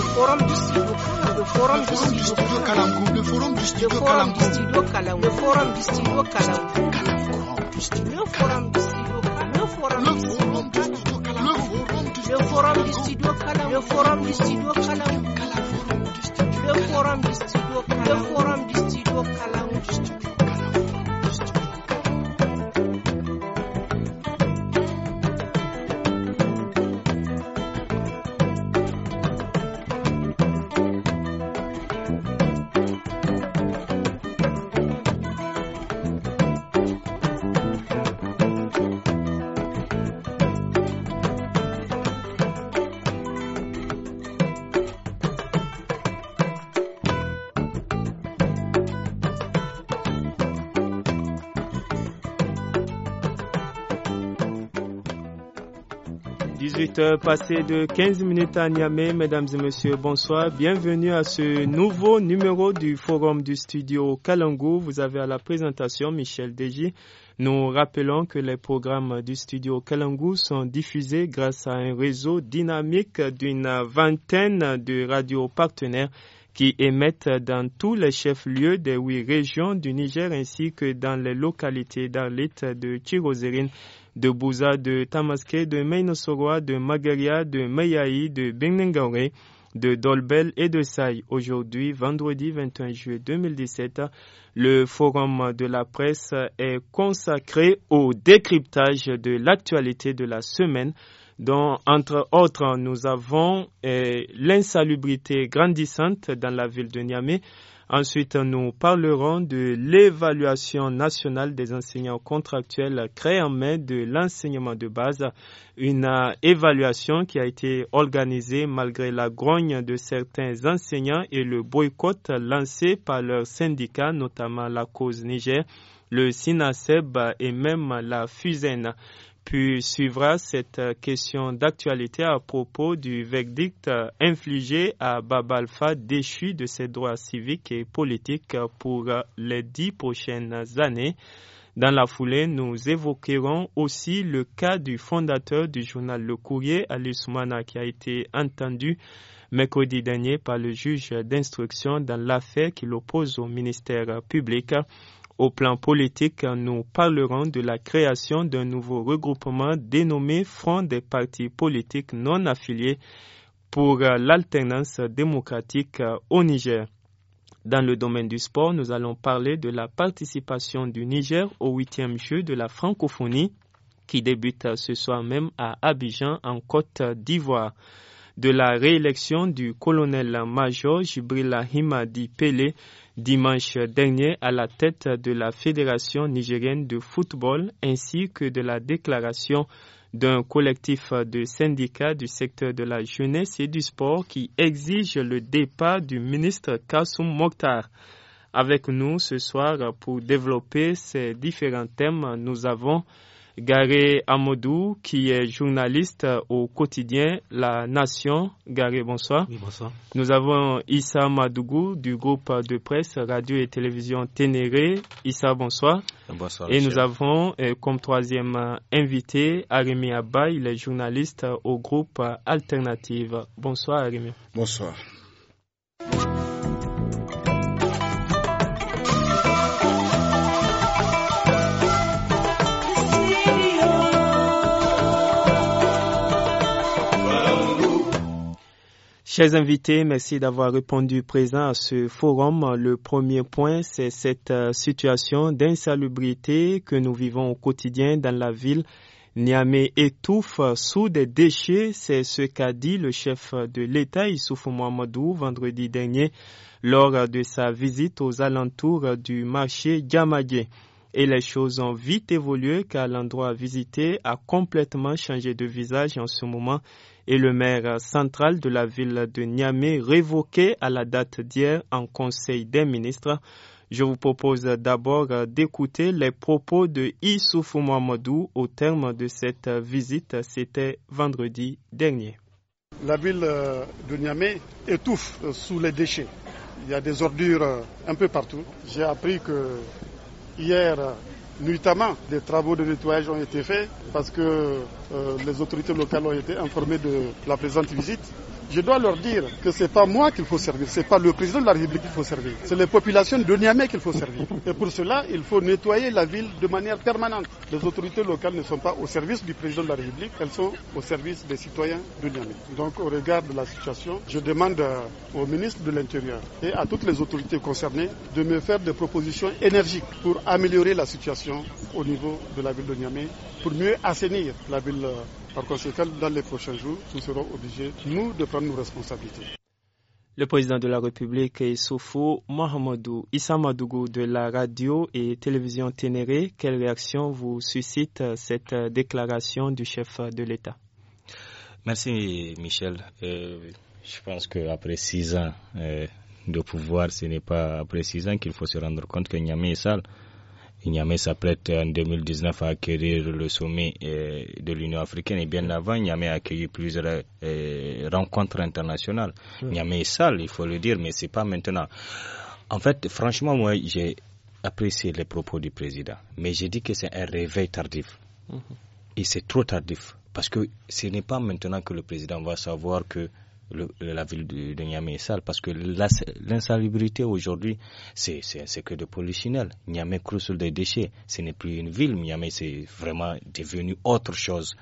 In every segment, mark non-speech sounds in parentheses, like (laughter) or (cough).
le forum du studio le forum du studio Calam le forum du le forum du studio le forum du studio le forum du le forum du le forum du studio le forum du studio le forum du forum passé de 15 minutes à Niamey. Mesdames et messieurs, bonsoir. Bienvenue à ce nouveau numéro du forum du studio Kalangou. Vous avez à la présentation Michel Deji. Nous rappelons que les programmes du studio Kalangou sont diffusés grâce à un réseau dynamique d'une vingtaine de radios partenaires qui émettent dans tous les chefs-lieux des huit régions du Niger ainsi que dans les localités d'Arlit, de Tirozerine de Bouza, de Tamaské, de Meinosoroa, de Magaria, de Mayayi de Bengengaure, de Dolbel et de Saï. Aujourd'hui, vendredi 21 juillet 2017, le forum de la presse est consacré au décryptage de l'actualité de la semaine dont, entre autres, nous avons eh, l'insalubrité grandissante dans la ville de Niamey, Ensuite, nous parlerons de l'évaluation nationale des enseignants contractuels créée en mai de l'enseignement de base, une euh, évaluation qui a été organisée malgré la grogne de certains enseignants et le boycott lancé par leurs syndicats, notamment la cause Niger, le SINASEB et même la Fusaine. Puis suivra cette euh, question d'actualité à propos du verdict euh, infligé à Babalfa déchu de ses droits civiques et politiques euh, pour les dix prochaines années. Dans la foulée, nous évoquerons aussi le cas du fondateur du journal Le Courrier, Alice qui a été entendu mercredi dernier par le juge d'instruction dans l'affaire qui l'oppose au ministère public. Au plan politique, nous parlerons de la création d'un nouveau regroupement dénommé Front des partis politiques non affiliés pour l'alternance démocratique au Niger. Dans le domaine du sport, nous allons parler de la participation du Niger au huitième jeu de la francophonie qui débute ce soir même à Abidjan en Côte d'Ivoire. De la réélection du colonel-major Jibril Himadi Pele, dimanche dernier à la tête de la Fédération nigérienne de football ainsi que de la déclaration d'un collectif de syndicats du secteur de la jeunesse et du sport qui exige le départ du ministre Kassoum Mokhtar. Avec nous ce soir pour développer ces différents thèmes, nous avons Garé Amadou, qui est journaliste au quotidien La Nation. Garé, bonsoir. bonsoir. Nous avons Issa Madougou du groupe de presse Radio et Télévision Ténéré. Issa, bonsoir. Bonsoir. Et nous avons euh, comme troisième invité Arémi Abba, il journaliste au groupe Alternative. Bonsoir Arémi. Bonsoir. Chers invités, merci d'avoir répondu présent à ce forum. Le premier point, c'est cette euh, situation d'insalubrité que nous vivons au quotidien dans la ville. Niamey étouffe sous des déchets, c'est ce qu'a dit le chef de l'État Issoufou Mohamedou vendredi dernier lors de sa visite aux alentours du marché Diamagué. Et les choses ont vite évolué car l'endroit visité a complètement changé de visage en ce moment et le maire central de la ville de Niamey révoqué à la date d'hier en Conseil des ministres. Je vous propose d'abord d'écouter les propos de Issoufou Mamadou au terme de cette visite. C'était vendredi dernier. La ville euh, de Niamey étouffe euh, sous les déchets. Il y a des ordures euh, un peu partout. J'ai appris que hier, nuitamment. Des travaux de nettoyage ont été faits parce que euh, les autorités locales ont été informées de la présente visite je dois leur dire que c'est pas moi qu'il faut servir, c'est pas le président de la République qu'il faut servir, c'est les populations de Niamey qu'il faut servir. Et pour cela, il faut nettoyer la ville de manière permanente. Les autorités locales ne sont pas au service du président de la République, elles sont au service des citoyens de Niamey. Donc au regard de la situation, je demande euh, au ministre de l'Intérieur et à toutes les autorités concernées de me faire des propositions énergiques pour améliorer la situation au niveau de la ville de Niamey, pour mieux assainir la ville euh, par conséquent, dans les prochains jours, nous serons obligés, nous, de prendre nos responsabilités. Le président de la République est Soufou Mohamedou Isamadougou de la radio et télévision Ténéré. Quelle réaction vous suscite euh, cette euh, déclaration du chef de l'État Merci Michel. Euh, je pense qu'après six ans de pouvoir, ce n'est pas après six ans qu'il faut se rendre compte que Niamey est sale. Niamey s'apprête en 2019 à acquérir le sommet euh, de l'Union africaine. Et bien avant, Niamey a accueilli plusieurs euh, rencontres internationales. Niamey est sale, il faut le dire, mais ce n'est pas maintenant. En fait, franchement, moi, j'ai apprécié les propos du président, mais j'ai dit que c'est un réveil tardif. Mhm. Et c'est trop tardif, parce que ce n'est pas maintenant que le président va savoir que la ville de, Niamey est sale parce que l'insalubrité aujourd'hui, c'est que de pollutionnel. Niamey croule sur des déchets. Ce n'est plus une ville. Niamey, c'est vraiment devenu autre chose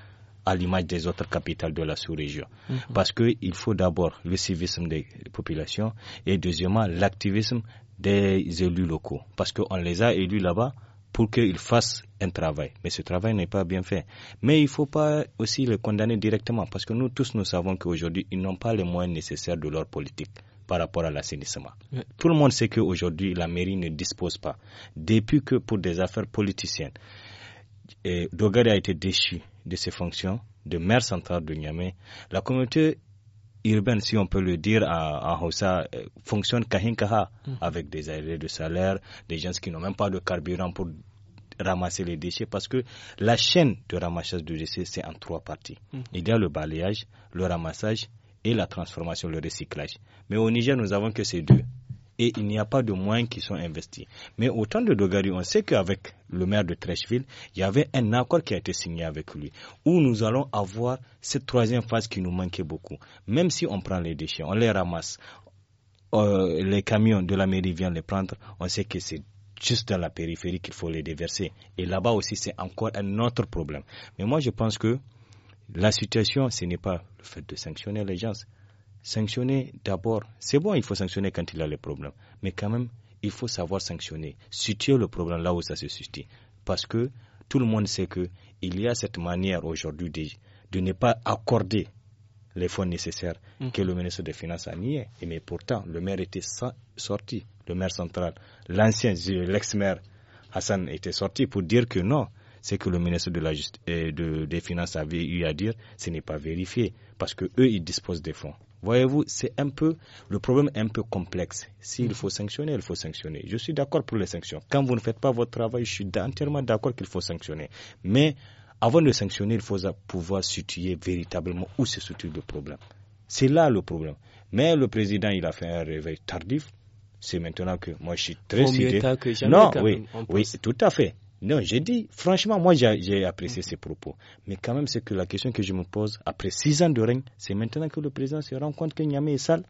à l'image des autres capitales de la sous-région. Mm-hmm. parce Parce qu'il faut d'abord le civisme des populations et deuxièmement l'activisme des élus locaux. Parce qu'on les a élus là-bas pour qu'ils fassent un travail. Mais ce travail n'est pas bien fait. Mais il ne faut pas aussi les condamner directement parce que nous tous, nous savons qu'aujourd'hui, ils n'ont pas les moyens nécessaires de leur politique par rapport à l'assainissement. Tout le monde sait qu'aujourd'hui, la mairie ne dispose pas. Depuis que pour des affaires politiciennes, Dogari a été déchu de ses fonctions de maire central de Niamey, la communauté urbaine, si on peut le dire, à, à euh, fonctionne kahinkaha, hmm. avec des arrêts de salaire, des gens qui n'ont même pas de carburant pour ramasser les déchets parce que la chaîne de ramassage de déchets, c'est en trois parties. Hmm. Il y a le balayage, le ramassage et la transformation, le recyclage. Mais au Niger, nous avons que ces deux et il n'y a pas de moyens qui sont investis. Mais au temps de Dogari, on sait qu'avec le maire de Trècheville, il y avait un accord qui a été signé avec lui, où nous allons avoir cette troisième phase qui nous manquait beaucoup. Même si on prend les déchets, on les ramasse, euh, les camions de la mairie viennent les prendre, on sait que c'est juste dans la périphérie qu'il faut les déverser. Et là-bas aussi, c'est encore un autre problème. Mais moi, je pense que la situation, ce n'est pas le fait de sanctionner les gens, sanctionner d'abord, c'est bon, il faut sanctionner quand il a les problèmes, mais quand même, il faut savoir sanctionner, situer le problème là où ça se situe. Parce que tout le monde sait qu'il y a cette manière aujourd'hui de, ne pas accorder les fonds nécessaires mmh. que le ministre des Finances a nié. Et mais pourtant, le maire était sorti, le maire central, l'ancien, euh, l'ex-maire Hassan était sorti pour dire que non, c'est que le ministre de euh, des Finances avait eu à dire, ce n'est pas vérifié, parce qu'eux ils disposent des fonds. Voyez-vous, c'est un peu le problème est un peu complexe. S'il mm. faut sanctionner, il faut sanctionner. Je suis d'accord pour les sanctions. Quand vous ne faites pas votre travail, je suis entièrement d'accord qu'il faut sanctionner. Mais avant de sanctionner, il faut pouvoir situer véritablement où se situe le problème. C'est là le problème. Mais le président, il a fait un réveil tardif. C'est maintenant que moi, je suis très cité. Non, oui, oui, tout à fait. Non, j'ai dit, franchement, moi j'ai apprécié ces propos. Mais quand même, c'est que la question que je me pose, après six ans de règne, c'est maintenant que le président se rend compte que Niamey est sale.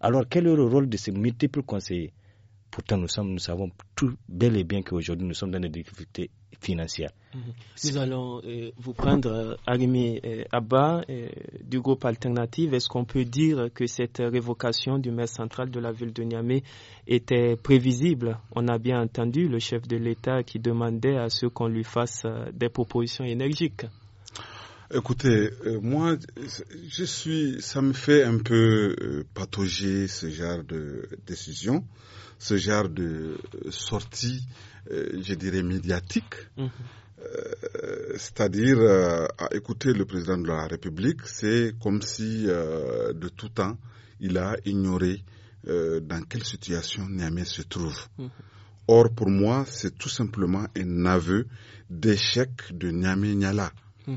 Alors, quel est le rôle de ces multiples conseillers Pourtant, nous, nous savons tout bel et bien qu'aujourd'hui, nous sommes dans des difficultés financières. Mhm. Nous allons euh, vous prendre, euh, euh, Abba, du groupe Alternative. Est-ce qu'on peut dire que cette révocation du maire central de la ville de Niamey était prévisible On a bien entendu le chef de l'État qui demandait à ce qu'on lui fasse des propositions énergiques. Écoutez, moi, je suis, ça me fait un peu patauger ce genre de décision, ce genre de euh, sortie, euh, je dirais, médiatique. Mhm. Euh, c'est-à-dire, à écouter le président de la République, c'est comme si, de tout temps, il a ignoré dans quelle situation Niamey se trouve. Mhm. Or, pour moi, c'est tout simplement un aveu d'échec de Niamey Niala. Mhm.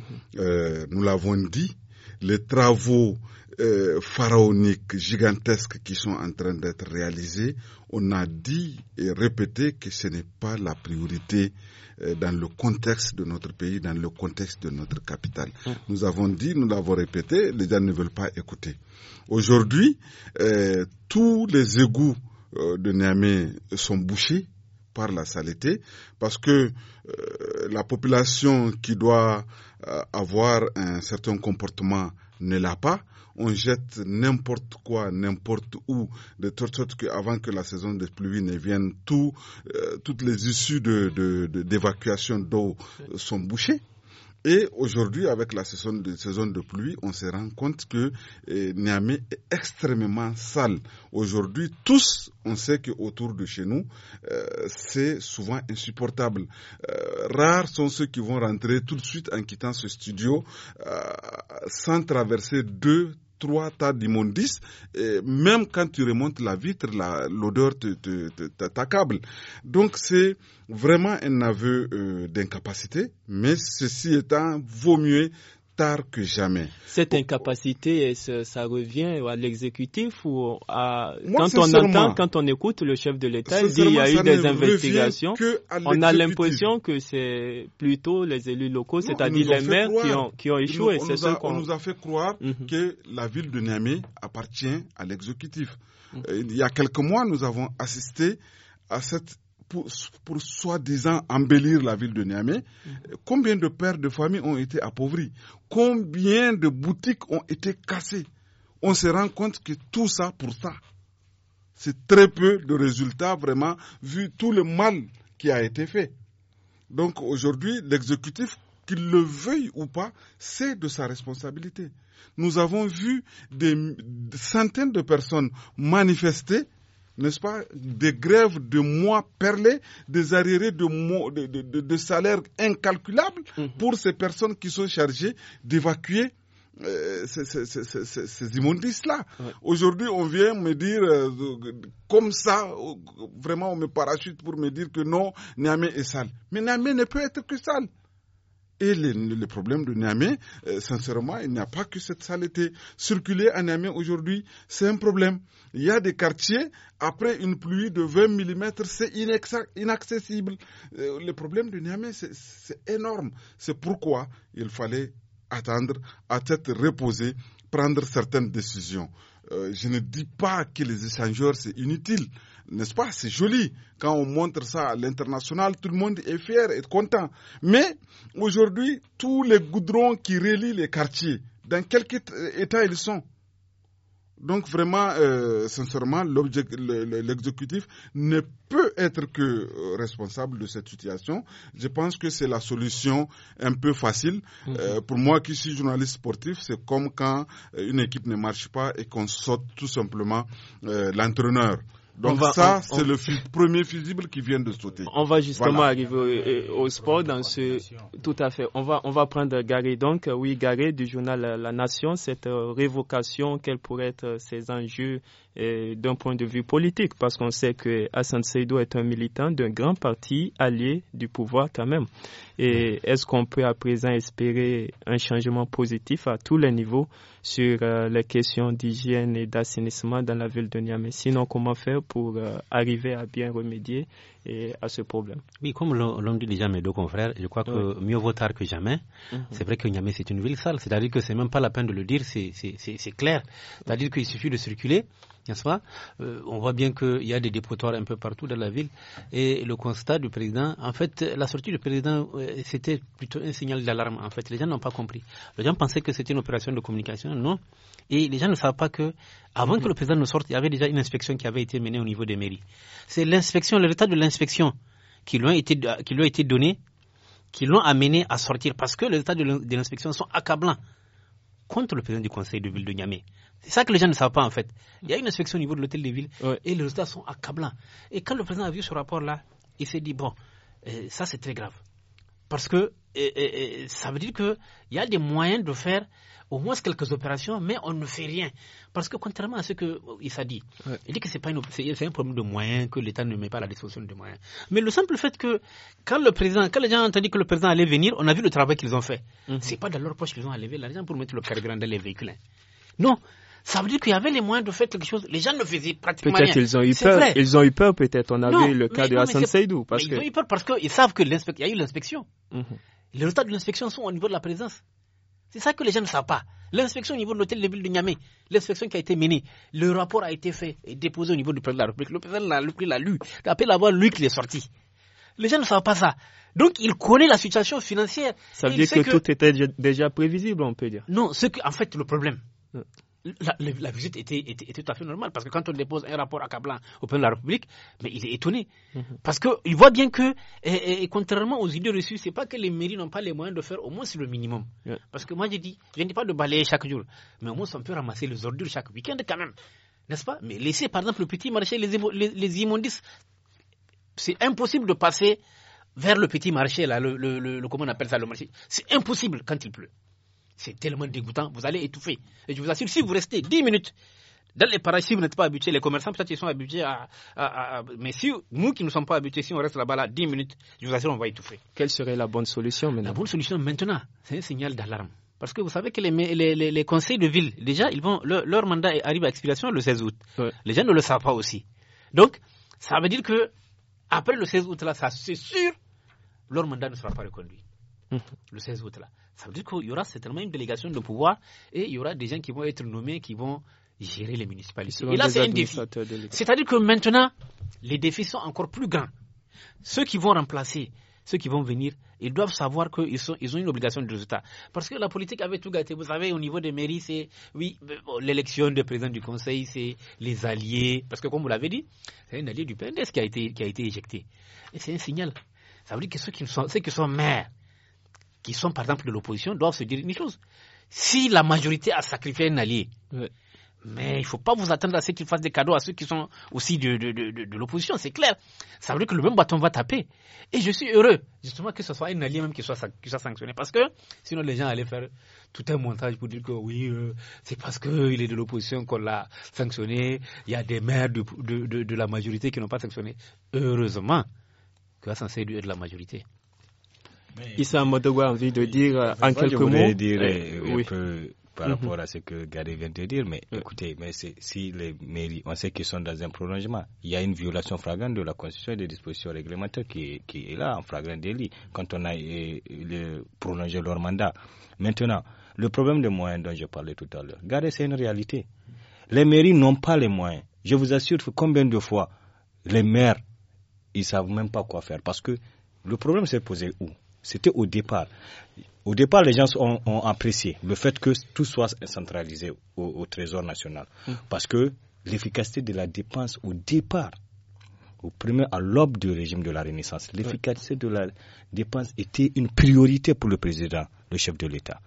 nous l'avons dit, les travaux euh, pharaoniques gigantesques qui sont en train d'être réalisés, on a dit et répété que ce n'est pas la priorité euh, dans le contexte de notre pays, dans le contexte de notre capitale. Nous avons dit, nous l'avons répété, les gens ne veulent pas écouter. Aujourd'hui, euh, tous les égouts de Niamey sont bouchés par la saleté, parce que la population qui doit avoir un certain comportement ne l'a pas, on jette n'importe quoi, n'importe où, de toute sorte qu'avant que la saison des pluies ne vienne, tout, euh, toutes les issues d'évacuation de, de, d'eau euh, sont bouchées. Et aujourd'hui, avec la saison de, saison de pluie, on se rend compte que euh, Niamey est extrêmement sale. Aujourd'hui, tous, on sait que autour de chez nous, c'est souvent insupportable. rares sont ceux qui vont rentrer tout de suite en quittant ce studio sans traverser deux, trois tas d'immondices, même quand tu remontes la vitre, l'odeur t'accable. Donc c'est vraiment un aveu euh, d'incapacité, mais ceci étant, vaut mieux que jamais. Cette incapacité, ça revient à l'exécutif ou à... quand on entend, quand on écoute le chef de l'État, il dit y a eu des investigations. On a l'impression que c'est plutôt les élus locaux, c'est-à-dire les maires qui ont, échoué. on, nous a, nous a, fait croire mhm. que la ville de Niamey appartient à l'exécutif. Mhm. Euh, il y a quelques mois, nous avons assisté à cette pour, soi-disant embellir la ville de Niamey, mhm. combien de pères de familles ont été appauvris Combien de boutiques ont été cassées On se rend compte que tout ça pour ça. C'est très peu de résultats vraiment vu tout le mal qui a été fait. Donc aujourd'hui, l'exécutif, qu'il le veuille ou pas, c'est de sa responsabilité. Nous avons vu des centaines de personnes manifester n'est-ce pas, des grèves de mois perlés, des arriérés de, mois, de, salaires incalculables mhm. pour ces personnes qui sont chargées d'évacuer euh, ces, ces, immondices-là. Aujourd'hui, on vient me dire, euh, comme ça, euh, vraiment, on me parachute pour me dire que non, Niamey est sale. Mais Niamey ne peut être que sale. Et le problème problèmes de Niamey, euh, sincèrement, il n'y a pas que cette saleté. Circuler à Niamey aujourd'hui, c'est un problème. Il y a des quartiers, après une pluie de 20 mm, c'est inaccessible. Euh, le problème de Niamey, c'est énorme. C'est pourquoi il fallait attendre, à tête reposée, prendre certaines décisions. Euh, je ne dis pas que les échangeurs, c'est inutile n'est-ce pas C'est joli. Quand on montre ça à l'international, tout le monde est fier, est content. Mais aujourd'hui, tous les goudrons qui relient les quartiers, dans quel état ils sont donc vraiment, euh, sincèrement, l'exécutif ne peut être que euh, responsable de cette situation. Je pense que c'est la solution un peu facile. Mmh. Euh, pour moi qui suis journaliste sportif, c'est comme quand une équipe ne marche pas et qu'on saute tout simplement l'entraîneur. Donc ça, c'est le premier fusible qui vient de sauter. On va justement arriver euh, au, sport dans ce... Tout à fait. On va, on va prendre Garé. Donc, euh, oui, Garé du journal La Nation, cette euh, révocation, quels pourraient être ses enjeux d'un point de vue politique, parce qu'on sait que Hassan Seydou est un militant d'un grand parti allié du pouvoir quand même. Et est-ce qu'on peut à présent espérer un changement positif à tous les niveaux sur euh, les questions d'hygiène et d'assainissement dans la ville de Niamey Sinon, comment faire pour euh, arriver à bien remédier à ce problème. Oui, comme l'ont dit déjà mes deux confrères, je crois que mieux vaut tard que jamais. Mm-hmm. C'est vrai que Niamey, c'est une ville sale, c'est-à-dire que c'est même pas la peine de le dire, c'est clair. C'est-à-dire qu'il suffit de circuler, n'est-ce pas euh, On voit bien qu'il y a des dépotoirs un peu partout dans la ville et le constat du président, en fait, la sortie du président, euh, c'était plutôt un signal d'alarme, en fait. Les gens n'ont pas compris. Les gens pensaient que c'était une opération de communication, non. Et les gens ne savent pas que avant que mm-hmm. le président ne sorte, il y avait déjà une inspection qui avait été menée au niveau des mairies. C'est l'inspection, le retard de l'inspection qui lui a été, qui donné, qui l'ont amené à sortir parce que les résultats de l'inspection sont accablants contre le président du conseil de ville de Niamey. C'est ça que les gens ne savent pas en fait. Il y a une inspection au niveau de l'hôtel de ville et les résultats sont accablants. Et quand le président a vu ce rapport-là, il s'est dit bon, euh, ça c'est très grave. Parce que ça veut dire qu'il y a des moyens de faire au moins quelques opérations, mais on ne fait rien. Parce que contrairement à ce qu'il euh, s'est dit, il dit que c'est un problème de moyens, que l'État ne met pas à la disposition de moyens. Mais le simple fait que quand le président, quand les gens ont entendu que le président allait venir, on a vu le travail qu'ils ont fait. Ce mhm. n'est C'est pas dans leur poche qu'ils ont enlevé l'argent pour mettre le carburant dans les véhicules. Hein. Non, ça veut dire qu'il y avait les moyens de faire quelque chose. Les gens ne faisaient pratiquement rien. Peut-être qu'ils ont eu peur. Ils ont eu peur peut-être. On avait le cas de Hassan Seydou. Parce que... Ils ont eu peur parce qu'ils savent qu'il y a eu l'inspection. Mhm. Les résultats de l'inspection sont au niveau de la présence. C'est ça que les gens ne savent pas. L'inspection au niveau de l'hôtel de ville de Niamey, l'inspection qui a été menée, le rapport a été fait et déposé au niveau du président de la République. Le président l'a lu. Après l'avoir lu qu'il est sorti. Les gens ne savent pas ça. Donc, il connaît la situation financière. Ça veut dire que, que, tout était déjà prévisible, on peut dire. Non, ce en fait, le problème, la, visite était, tout à fait normale. Parce que quand on dépose un rapport accablant au président de la République, mais il est étonné. Mhm. Parce qu'il voit bien que, et, contrairement aux idées reçues, c'est pas que les mairies n'ont pas les moyens de faire au moins le minimum. Parce que moi, je dis, je ne dis pas de balayer chaque jour, mais au moins on peut ramasser les ordures chaque week-end quand même. N'est-ce pas Mais laisser, par exemple, le petit marché, les, immondices, c'est impossible de passer vers le petit marché, là, le, le, le comment on appelle ça, le marché. C'est impossible quand il pleut. C'est tellement dégoûtant, vous allez étouffer. Et je vous assure, si vous restez 10 minutes dans les paradis, si vous n'êtes pas habitué, les commerçants, peut-être, ils sont habitués à, Mais si nous qui ne sommes pas habitués, si on reste là-bas là, 10 minutes, je vous assure, on va étouffer. Quelle serait la bonne solution maintenant La bonne solution maintenant, c'est un signal d'alarme. Parce que vous savez que les, conseils de ville, déjà, ils vont, leur, mandat arrive à expiration le 16 août. Les gens ne le savent pas aussi. Donc, ça veut dire que après le 16 août, là, c'est sûr, leur mandat ne sera pas reconduit le 16 août. Là. Ça veut dire qu'il y aura certainement une délégation de pouvoir et il y aura des gens qui vont être nommés, qui vont gérer les municipalités. Et là, c'est un défi. C'est-à-dire que maintenant, les défis sont encore plus grands. Ceux qui vont remplacer, ceux qui vont venir, ils doivent savoir qu'ils ils ont une obligation de résultat. Parce que la politique avait tout gâté. Vous savez, au niveau des mairies, c'est oui, l'élection du président du conseil, c'est les alliés. Parce que, comme vous l'avez dit, c'est un allié du PNDS qui a été, qui a été éjecté. Et c'est un signal. Ça veut dire que ceux qui sont, ceux qui sont maires, qui sont par exemple de l'opposition doivent se dire une chose. Si la majorité a sacrifié un allié, mais il ne faut pas vous attendre à ce qu'il fassent des cadeaux à ceux qui sont aussi de, l'opposition, c'est clair. Ça veut dire que le même bâton va taper. Et je suis heureux, justement, que ce soit un allié même qui soit, sanctionné. Parce que sinon, les gens allaient faire tout un montage pour dire que oui, euh, c'est parce qu'il est de l'opposition qu'on l'a sanctionné. Il y a des maires de, la majorité qui n'ont pas sanctionné. Heureusement que ça de la majorité. Il Modogo a envie de dire euh, en quelques mots. Eh, euh, par mhm. rapport à ce que Gary vient de dire, mais écoutez, si les mairies, on sait qu'ils sont dans un prolongement, il y a une violation flagrante de la Constitution et des dispositions réglementaires qui, est, là en flagrant délit quand on a euh, prolongé leur mandat. Maintenant, le problème des moyens dont je parlais tout à l'heure, Gary, c'est une réalité. Les mairies n'ont pas les moyens. Je vous assure combien de fois les maires, ils savent même pas quoi faire parce que le problème s'est posé où c'était au départ. Au départ, les gens ont, apprécié le fait que tout soit centralisé au, Trésor national. Hum. Parce que l'efficacité de la dépense au départ, au premier, à l'aube du régime de la Renaissance, l'efficacité de la dépense était une priorité pour le président, le chef de l'État.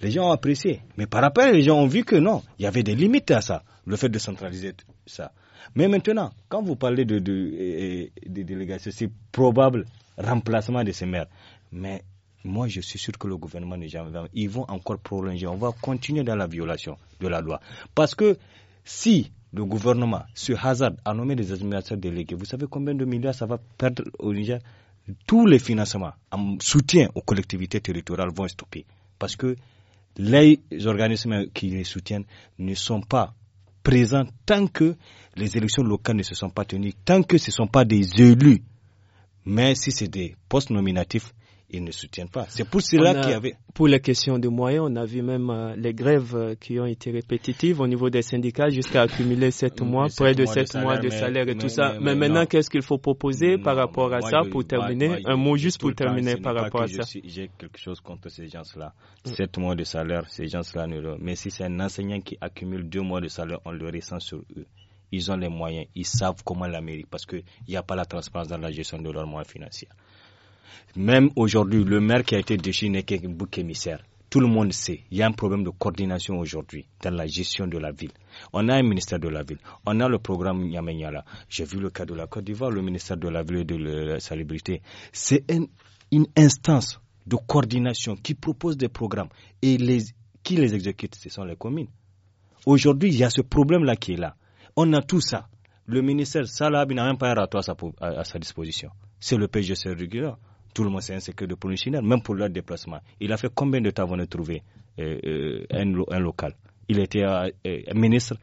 Les gens ont apprécié. Mais par rapport, les gens ont vu que non, il y avait des limites à ça, le fait de centraliser ça. Mais maintenant, quand vous parlez de, délégations, c'est probable remplacement de ces maires. Mais moi, je suis sûr que le gouvernement ne jamais. Ils vont encore prolonger. On va continuer dans la violation de la loi. Parce que si le gouvernement se hasarde à nommer des administrateurs délégués, vous savez combien de milliards ça va perdre au Niger Tous les financements en soutien aux collectivités territoriales vont stopper. Parce que les organismes qui les soutiennent ne sont pas présents tant que les élections locales ne se sont pas tenues, tant que ce ne sont pas des élus. Mais si c'est des postes nominatifs, ils ne soutiennent pas. C'est pour cela qu'il y avait. Pour la question de moyens, on a vu même euh, les grèves euh, qui ont été répétitives au niveau des syndicats jusqu'à accumuler sept mm, mois, près de sept mois de salaire et tout ça. Mais, maintenant, qu'est-ce qu'il faut proposer par rapport à ça pour terminer Un mot juste pour terminer par rapport à ça. J'ai quelque chose contre ces gens-là. Sept mois de salaire, ces gens-là ne le. Mais si c'est un enseignant qui accumule deux mois de salaire, on le ressent sur eux ils ont les moyens, ils savent comment l'Amérique, parce qu'il n'y a pas la transparence dans la gestion de leurs moyens financiers. Même aujourd'hui, le maire qui a été déchu n'est qu'un bouc émissaire. Tout le monde sait, il y a un problème de coordination aujourd'hui dans la gestion de la ville. On a un ministère de la ville, on a le programme Nyamenyala. J'ai vu le cas de la Côte d'Ivoire, le ministère de la ville et de la salubrité. C'est une instance de coordination qui propose des programmes et qui les exécute, ce sont les communes. Aujourd'hui, il y a ce problème-là qui est là. On a tout ça. Le ministère Salah n'a même pas à, à, à, sa disposition. C'est le PGC régulier. Tout le monde sait un hein, secret de polichinelle, même pour leur déplacement. Il a fait combien de temps avant de trouver euh, euh, un, local Il était euh, un ministre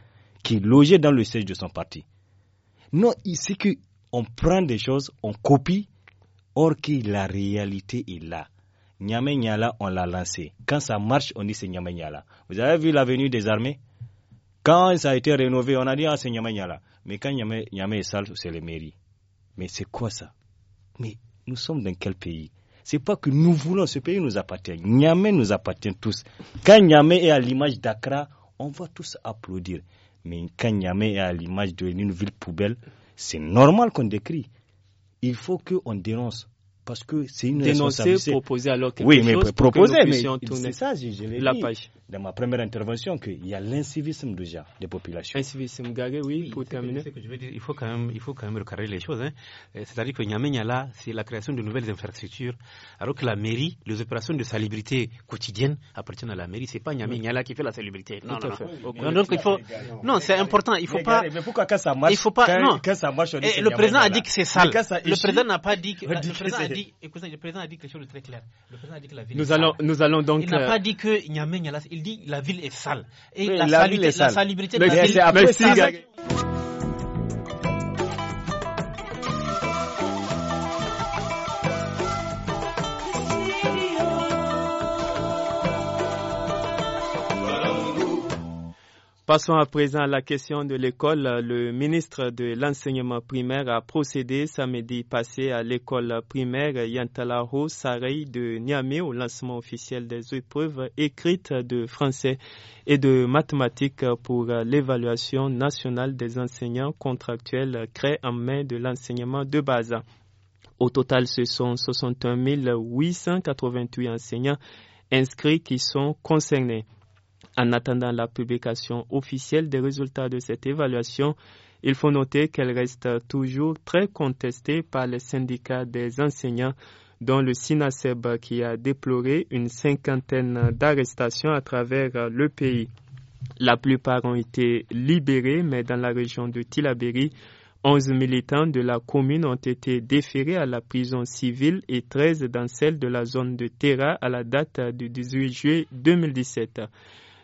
qui logeait dans le siège de son parti. Non, que qu'on prend des choses, on copie, or que la réalité est là. Nyame Niala, on l'a lancé. Quand ça marche, on dit c'est Nyame Niala. Vous avez vu l'avenue des armées Quand ça a été rénové, on a dit ah, c'est Nyame Niala. Mais quand Nyame, est sale, c'est les mairies. Mais c'est quoi ça Mais nous sommes dans quel pays C'est pas que nous voulons, ce pays nous appartient. Niamey nous appartient tous. Quand Niamey est à l'image d'Accra, on va tous applaudir. Mais quand Niamey est à l'image d'une ville poubelle, c'est normal qu'on décrit. Il faut qu'on dénonce parce que c'est une Dénoncer, proposer alors quelque chose. Oui, mais proposer, mais c'est ça, je, l'ai dit dans ma première intervention Il y a l'incivisme déjà des populations. Incivisme, Gagé, oui, pour terminer. il faut quand même, il faut quand même les choses. Hein. Euh, c'est-à-dire que niamey Nyala c'est la création de nouvelles infrastructures, alors que la mairie, les opérations de salubrité quotidienne appartiennent à la mairie. C'est pas niamey Nyala qui fait la salubrité. Non, non, non. donc il faut, non, c'est important. Il faut pas. pourquoi quand ça marche Il faut pas. Non. Le président a dit que c'est sale. Le président n'a pas dit dit, le président a dit quelque chose de très clair. Le président a dit que la ville nous est allons, sale. Nous allons donc. Il n'a euh, pas dit que Niamey, il dit la ville est sale. Et la, la, la salubrité de la ville est sale. Passons à présent à la question de l'école. Le ministre de l'enseignement primaire a procédé samedi passé à l'école primaire Yantalaho Sarei de Niamey au lancement officiel des épreuves écrites de français et de mathématiques pour l'évaluation nationale des enseignants contractuels créés en main de l'enseignement de base. Au total, ce sont 61 888 enseignants inscrits qui sont concernés. En attendant la publication officielle des résultats de cette évaluation, il faut noter qu'elle reste toujours très contestée par les syndicats des enseignants, dont le SINASEB qui a déploré une cinquantaine d'arrestations à travers le pays. La plupart ont été libérés, mais dans la région de Tilaberi, 11 militants de la commune ont été déférés à la prison civile et 13 dans celle de la zone de Terra à la date du 18 juillet 2017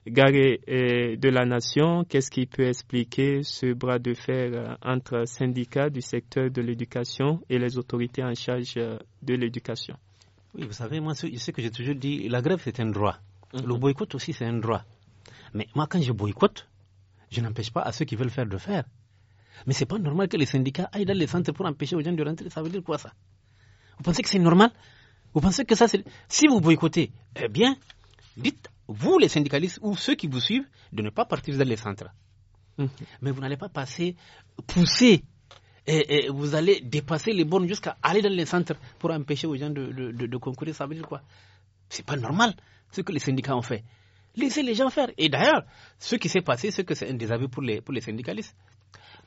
garé euh, de la nation. Qu'est-ce qui peut expliquer ce bras de fer euh, entre syndicats du secteur de l'éducation et les autorités en charge euh, de l'éducation Oui, vous savez, moi, ce que j'ai toujours dit, la grève, c'est un droit. Mm-hmm. Le boycott aussi, c'est un droit. Mais moi, quand je boycotte, je n'empêche pas à ceux qui veulent faire de faire. Mais c'est pas normal que les syndicats aillent dans les centres pour empêcher aux gens de rentrer. Ça veut dire quoi ça Vous pensez que c'est normal Vous pensez que ça c'est. Si vous boycottez, eh bien, dites vous les syndicalistes ou ceux qui vous suivent, de ne pas partir dans les centres. Hum. Mais vous n'allez pas passer, pousser, et, vous allez dépasser les bornes jusqu'à aller dans les centres pour empêcher aux gens de, de, concourir. Ça veut dire quoi C'est pas normal ce que les syndicats ont fait. Laissez les gens faire. Et d'ailleurs, ce qui s'est passé, c'est que c'est un désaveu pour les, pour les syndicalistes.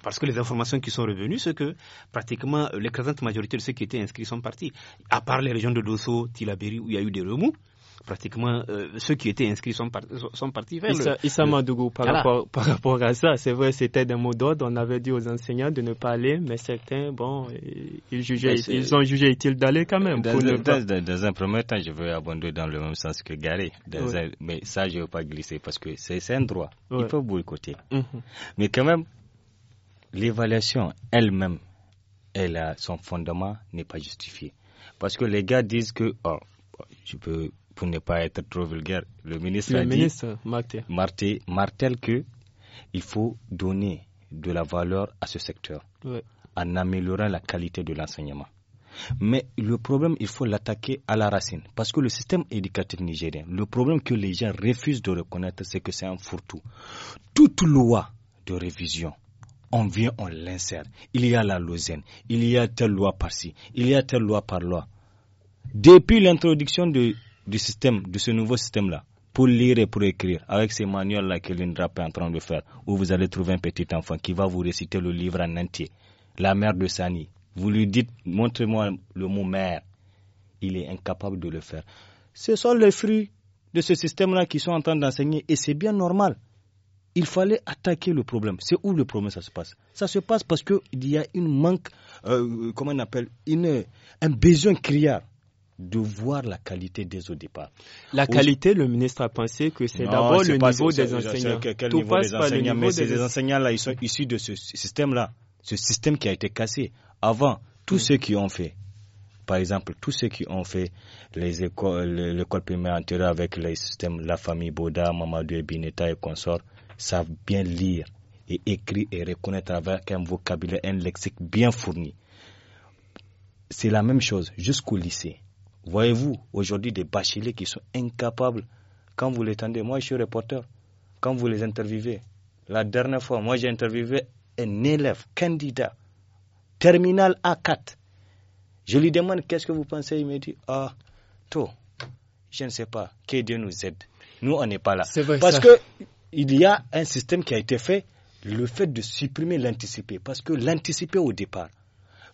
Parce que les informations qui sont revenues, c'est que pratiquement euh, l'écrasante majorité de ceux qui étaient inscrits sont partis. À part les régions de Dosso, Tilaberi, où il y a eu des remous, pratiquement euh, ceux qui étaient inscrits sont, sont partis vers Issa, Issa par, rapport, par rapport à ça, c'est vrai, c'était des mots d'ordre. On avait dit aux enseignants de ne pas aller, mais certains, bon, ils, jugeaient, ben, ils ont jugé utile d'aller quand même. Dans, un, premier temps, je veux abonder dans le même sens que Gary. mais ça, je ne veux pas glisser parce que c'est un droit. Il faut boycotter. Mhm. Mais quand même, l'évaluation elle-même, elle a son fondement n'est pas justifié. Parce que les gars disent que, oh, je peux pour ne pas être trop vulgaire, le ministre le a ministre dit, Marté. que il faut donner de la valeur à ce secteur en améliorant la qualité de l'enseignement. Mais le problème, il faut l'attaquer à la racine. Parce que le système éducatif nigérien, le problème que les gens refusent de reconnaître, c'est que c'est un fourre-tout. Toute loi de révision, on vient, on l'insère. Il y a la Lausanne, il y a telle loi par-ci, il y a telle loi par-là. Depuis l'introduction de du système, de ce nouveau système-là, pour lire et pour écrire, avec ces manuels-là que l'INRAP est en train de faire, où vous allez trouver un petit enfant qui va vous réciter le livre en entier, la mère de Sani. Vous lui dites, montrez-moi le mot mère. Il est incapable de le faire. Ce sont les fruits de ce système-là qui sont en train d'enseigner et c'est bien normal. Il fallait attaquer le problème. C'est où le problème ça se passe Ça se passe parce qu'il y a une manque, euh, comment on appelle, une, un besoin criard de voir la qualité dès au départ. La qualité, le ministre a pensé que c'est d'abord le niveau des enseignants. enseignants, mais enseignants-là, ils sont issus de ce système-là, ce système qui a été cassé. Avant, tous mm. ceux qui ont fait, par exemple, tous ceux qui ont fait les écoles, l'école primaire antérieure avec les systèmes, la famille Boda, Mamadou Bineta et consorts, savent bien lire et écrire et reconnaître avec un vocabulaire, un lexique bien fourni. C'est la même chose jusqu'au lycée Voyez-vous aujourd'hui des bacheliers qui sont incapables, quand vous les tendez, moi je suis reporter, quand vous les interviewez, la dernière fois, moi j'ai interviewé un élève, candidat, terminal A4. Je lui demande qu'est-ce que vous pensez, il me dit, ah, toi, je ne sais pas, que Dieu nous aide. Nous, on n'est pas là. Vrai, Parce qu'il y a un système qui a été fait, le fait de supprimer l'anticipé. Parce que l'anticipé au départ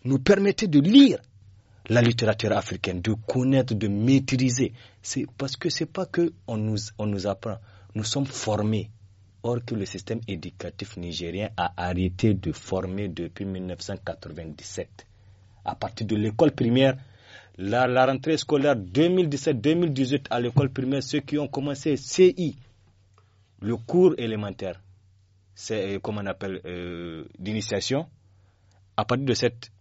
nous permettait de lire la littérature africaine, de connaître, de maîtriser. C'est parce que c'est pas que on nous, on nous apprend, nous sommes formés. Or que le système éducatif nigérien a arrêté de former depuis 1997. À partir de l'école primaire, la, rentrée scolaire 2017-2018 à l'école primaire, ceux qui ont commencé CI, le cours élémentaire, c'est euh, comme on appelle euh, d'initiation, à partir de cette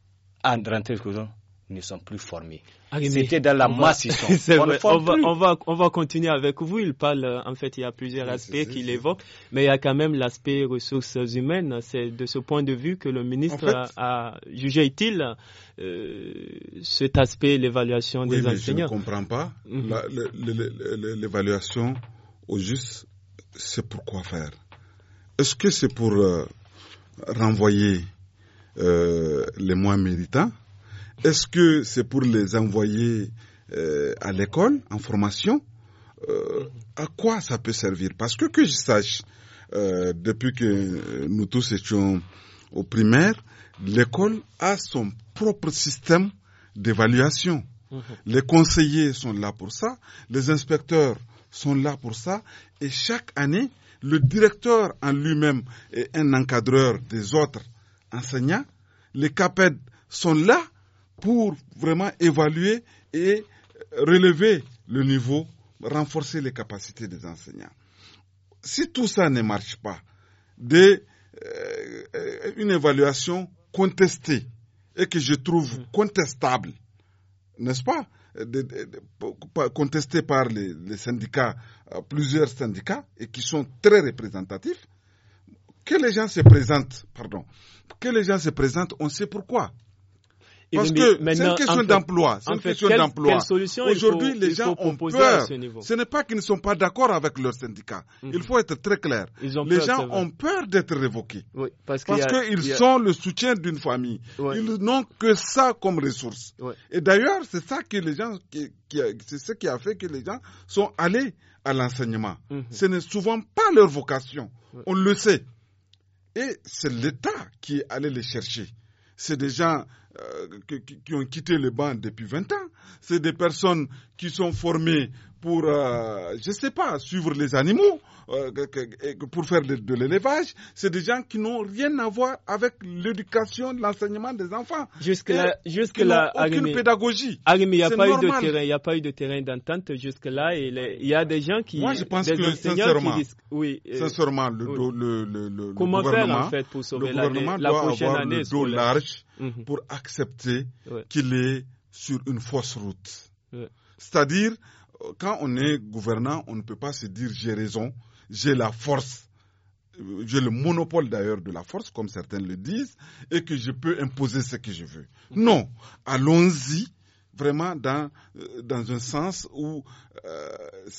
rentrée scolaire, ne sont plus formés. Ah C'était dans la masse. On, va, on, va, continuer avec vous. Il parle, euh, en fait, il y a plusieurs aspects qu'il évoque, mais il y a quand même l'aspect ressources humaines. C'est de ce point de vue que le ministre a, jugé utile euh, cet aspect, l'évaluation oui, des enseignants. Je ne comprends pas. Mhm. L'évaluation, au juste, c'est pour quoi faire Est-ce que c'est pour euh, renvoyer les moins méritants est-ce que c'est pour les envoyer euh, à l'école en formation euh, À quoi ça peut servir Parce que que je sache, euh, depuis que nous tous étions au primaire, l'école a son propre système d'évaluation. Mm-hmm. Les conseillers sont là pour ça, les inspecteurs sont là pour ça, et chaque année, le directeur en lui-même est un encadreur des autres enseignants. Les CAPED sont là pour vraiment évaluer et relever le niveau, renforcer les capacités des enseignants. Si tout ça ne marche pas, de euh, une évaluation contestée et que je trouve mm. contestable, n'est-ce pas contestée par les, syndicats, euh, plusieurs syndicats, et qui sont très représentatifs, que les gens se présentent, pardon, que les gens se présentent, on sait pourquoi. Parce que c'est une question d'emploi. C'est une question d'emploi. Aujourd'hui, les gens ont peur. Ce, n'est pas qu'ils ne sont pas d'accord avec leur syndicat. Mhm. Il faut être très clair. les gens ont peur d'être révoqués. parce qu'ils sont le soutien d'une famille. Ils n'ont que ça comme ressource. Et d'ailleurs, c'est ça que les gens, qui, c'est ce qui a fait que les gens sont allés à l'enseignement. Mhm. Ce n'est souvent pas leur vocation. On le sait. Et c'est l'État qui est allé les chercher. C'est des gens euh, qui, qui, ont quitté les bancs depuis 20 ans. C'est des personnes qui sont formées pour, euh, je ne sais pas, suivre les animaux, euh, pour faire de, l'élevage. C'est des gens qui n'ont rien à voir avec l'éducation, l'enseignement des enfants. Jusque-là, jusque-là, aucune pédagogie. il n'y a, pas eu de terrain, a pas eu de terrain d'entente jusque-là. Il y a des gens qui. Moi, je pense que, sincèrement, oui, euh, le, le, le, gouvernement, fait, pour gouvernement doit prochaine avoir le dos large mhm. pour accepter qu'il est sur une fausse route. C'est-à-dire, quand on est gouvernant, on ne peut pas se dire j'ai raison, j'ai la force euh, j'ai le monopole d'ailleurs de la force, comme certains le disent, et que je peux imposer ce que je veux. Mhm. Non, allons-y vraiment dans, euh, dans un sens où euh,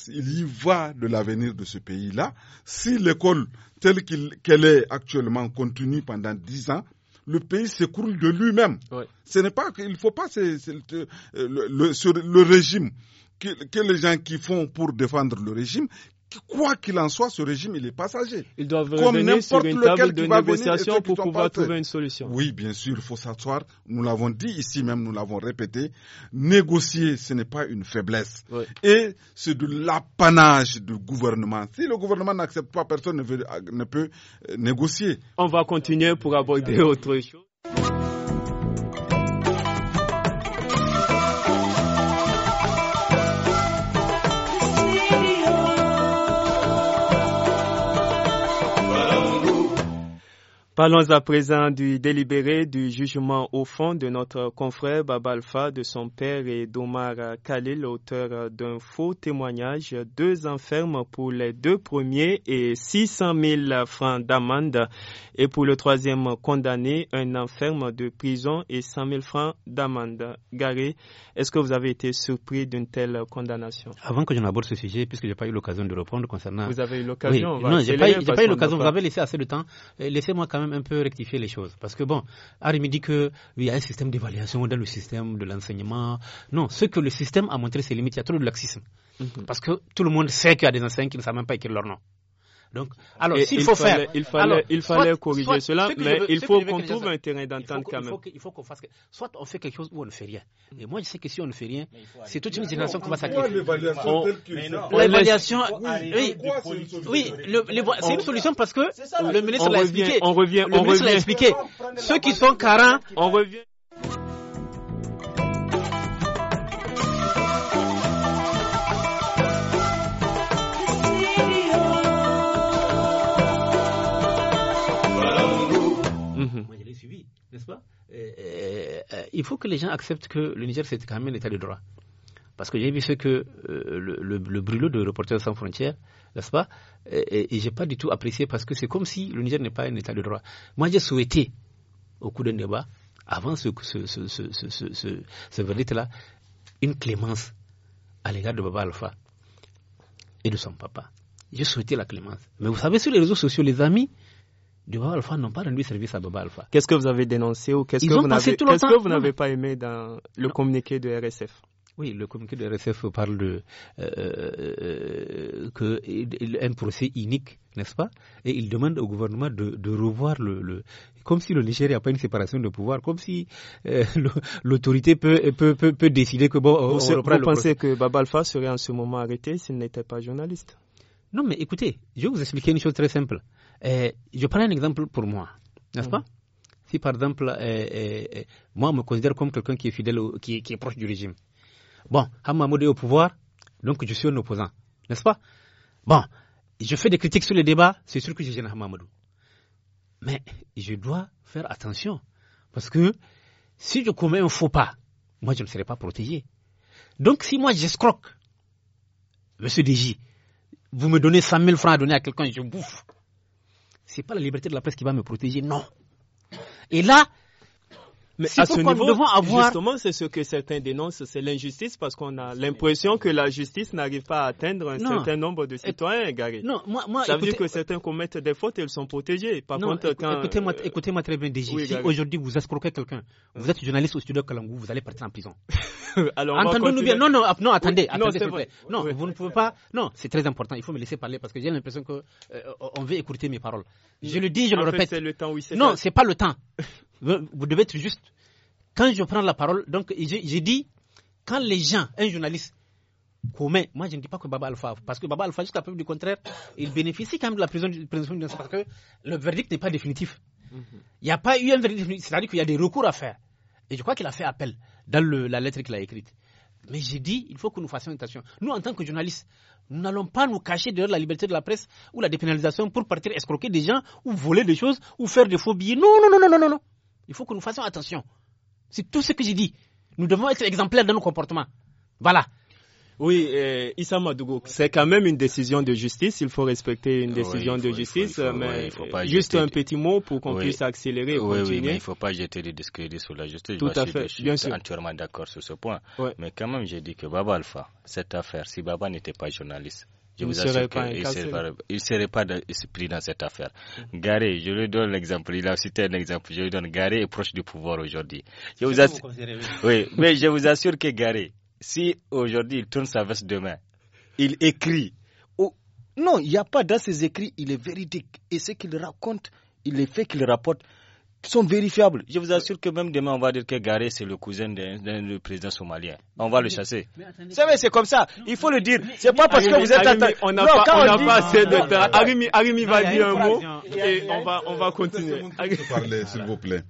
il y va de l'avenir de ce pays-là. Si l'école telle qu'elle est actuellement continue pendant dix ans, le pays s'écroule de lui-même. Ouais. Ce n'est pas qu'il ne faut pas le régime que, les gens qui font pour défendre le régime, quoi qu'il en soit, ce régime, il est passager. Ils doivent Comme sur une table de négociation pour pouvoir trouver une solution. Oui, bien sûr, il faut s'asseoir. Nous l'avons dit ici même, nous l'avons répété. Négocier, ce n'est pas une faiblesse. Et c'est de l'apanage du gouvernement. Si le gouvernement n'accepte pas, personne ne peut euh, négocier. On va continuer pour aborder autre chose. Parlons à présent du délibéré du jugement au fond de notre confrère Babalfa, de son père et d'Omar Khalil, auteur d'un faux témoignage. Deux enfermes pour les deux premiers et 600 000 francs d'amende. Et pour le troisième condamné, un enferme de prison et 100 000 francs d'amende. Garé, est-ce que vous avez été surpris d'une telle condamnation Avant que je n'aborde ce sujet, puisque je n'ai pas eu l'occasion de répondre concernant... Vous avez eu l'occasion Non, je pas eu l'occasion. Vous avez laissé assez de temps. Euh, laissez-moi quand même même un peu rectifier les choses. Parce que bon, me dit qu'il y a un système d'évaluation dans le système de l'enseignement. Non, ce que le système a montré, c'est limite, il y a trop de laxisme. Mm-hmm. Parce que tout le monde sait qu'il y a des enseignants qui ne savent même pas écrire leur nom. Donc, alors, s'il faut faire. Il fallait, corriger cela, mais il faut qu'on trouve un terrain d'entente quand même. Il faut qu'on Soit on fait quelque chose ou on ne fait rien. Mm. Et moi, je sais que si on ne fait rien, c'est toute une génération qui va sacrifier. L'évaluation. Oui, oui c'est une solution parce que le ministre l'a expliqué. On revient, on revient. Le ministre l'a expliqué. Ceux qui sont carents. On revient. Euh, euh, il faut que les gens acceptent que le Niger, c'est quand même un état de droit. Parce que j'ai vu ce que euh, le, brûlot de Reporters sans frontières, n'est-ce pas Et, je j'ai pas du tout apprécié parce que c'est comme si le Niger n'est pas un état de droit. Moi, j'ai souhaité, au cours d'un débat, avant ce, ce, ce, ce verdict-là, une clémence à l'égard de Baba Alpha et de son papa. J'ai souhaité la clémence. Mais vous savez, sur les réseaux sociaux, les amis, du Baba Alpha n'ont pas rendu service à Baba Alpha. Qu'est-ce que vous avez dénoncé ou qu'est-ce que vous n'avez pas aimé dans le communiqué de RSF oui, le communiqué de RSF parle de euh, euh, un procès unique, n'est-ce pas Et il demande au gouvernement de, revoir le, comme si le Nigeria n'a pas une séparation de pouvoir, comme si euh, (laughs) l'autorité peut, décider que Vous, pensez que Baba Alpha serait en ce moment arrêté s'il n'était pas journaliste Non, mais écoutez, je vais vous expliquer une chose très simple je eh, prends un exemple pour moi, n'est-ce pas mm. Si par exemple, eh, eh, moi on me considère comme quelqu'un qui est fidèle, qui, est proche du régime. Bon, Hamamoud est au pouvoir, donc je suis un opposant, n'est-ce pas Bon, je fais des critiques sur les débats, c'est sûr que je gêne Hamamoud. Mais je dois faire attention, parce que si je commets un faux pas, moi je ne serai pas protégé. Donc si moi j'escroque, monsieur DJ, vous me donnez 100 000 francs à donner à quelqu'un, je bouffe c'est pas la liberté de la presse qui va me protéger, non. Et là, mais à ce niveau, avoir... justement, c'est ce que certains dénoncent, c'est l'injustice parce qu'on a l'impression que la justice n'arrive pas à atteindre un certain nombre de citoyens Non, moi, Ça veut dire que certains commettent des fautes et ils sont protégés. Par écoutez, euh, écoutez-moi, très bien, si aujourd'hui vous escroquez quelqu'un, hein? vous êtes journaliste au studio Kalangou, vous allez partir en prison. (laughs) Alors, nous bien. Non, non, attendez, non, Non, vous ne pouvez pas. Non, c'est très important. Il faut me laisser parler parce que j'ai l'impression qu'on euh, on veut écouter mes paroles. Je le dis, je le répète. Le temps, non, c'est pas le temps. (laughs) vous devez être juste. Quand je prends la parole, donc j'ai dit, quand les gens, un journaliste commet, moi je ne dis pas que Baba Alpha, parce que Baba Alpha, jusqu'à preuve du contraire, il bénéficie quand même de la prison la présidence parce que le verdict n'est pas définitif. Mhm. Il n'y a pas eu un verdict définitif, c'est-à-dire qu'il y a des recours à faire. Et je crois qu'il a fait appel dans la lettre qu'il a écrite. Mais j'ai dit, il faut que nous fassions attention. Nous, en tant que journalistes, nous n'allons pas nous cacher derrière la liberté de la presse ou la dépénalisation pour partir escroquer des gens ou voler des choses ou faire des faux billets. Non, non, non, non, non, non. Il faut que nous fassions attention. C'est tout ce que j'ai dit. Nous devons être exemplaires dans nos comportements. Voilà. Oui, euh, Issa Madougou, c'est quand même une décision de justice. Il faut respecter une décision de justice. mais juste un petit mot pour qu'on puisse accélérer. Oui, continuer. oui, il ne faut pas jeter des discrédits sur la justice. Tout à je fait. entièrement d'accord sur ce point. Mais quand même, j'ai dit que Baba Alpha, cette affaire, si Baba n'était pas journaliste, je il vous assure ne serait pas, il dans cette affaire. Mm. Garé, je lui donne l'exemple. Il a cité un exemple. Je lui donne Garé est proche du pouvoir aujourd'hui. oui, mais je vous assure que Garé, si aujourd'hui il tourne sa veste demain, il écrit. Oh, non, il n'y a pas dans ses écrits. Il est véridique et ce qu'il raconte, il est fait qu'il rapporte sont vérifiables. Je vous assure que même demain, on va dire que Garé, c'est le cousin du président somalien. On va le chasser. c'est comme ça. Il faut le dire. C'est pas parce que vous êtes attaqué. On n'a pas, on assez de temps. Arimi, va dire un mot et on va, on va continuer. Parler, s'il vous plaît.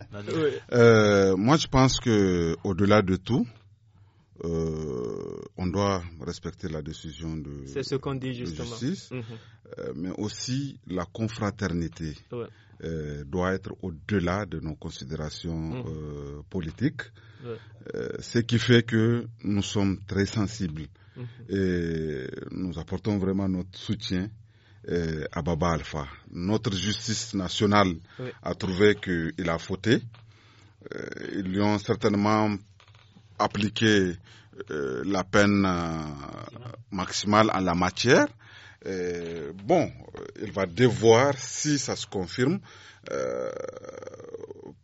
Euh, moi, je pense que au-delà de tout, euh, on doit respecter la décision de, ce dit, justice, mhm. euh, mais aussi la confraternité. Euh, doit être au-delà de nos considérations mmh. euh, politiques, euh, ce qui fait que nous sommes très sensibles mmh. et nous apportons vraiment notre soutien à Baba Alpha. Notre justice nationale a trouvé qu'il a fauté. ils lui ont certainement appliqué la peine maximale en la matière. Euh, bon, euh, il va devoir, si ça se confirme, euh,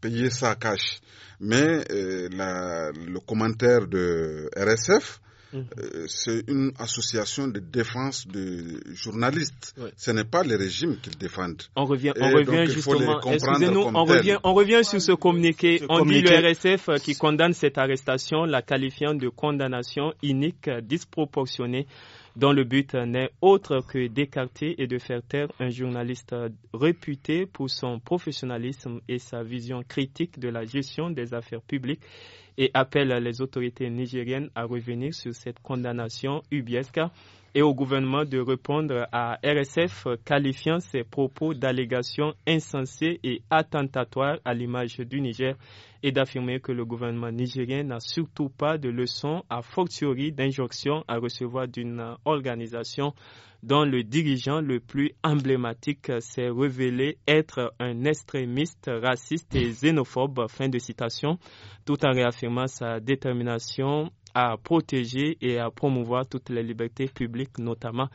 payer sa cash. Mais le commentaire de RSF, mhm. c'est une association de défense de journalistes. Ce n'est pas le régime qu'ils défendent. On revient, on revient justement. on revient, on revient sur ce communiqué. on dit le RSF qui condamne cette arrestation, la qualifiant de condamnation inique, disproportionnée dont le but n'est autre que d'écarter et de faire taire un journaliste réputé pour son professionnalisme et sa vision critique de la gestion des affaires publiques et appelle les autorités nigériennes à revenir sur cette condamnation ubiesque et au gouvernement de répondre à RSF qualifiant ses propos d'allégations insensées et attentatoires à l'image du Niger et d'affirmer que le gouvernement nigérien n'a surtout pas de leçons à fortiori d'injonction à recevoir d'une organisation dont le dirigeant le plus emblématique s'est révélé être un extrémiste raciste et xénophobe. Fin de citation, tout en réaffirmant sa détermination à protéger et à promouvoir toutes les libertés publiques, notamment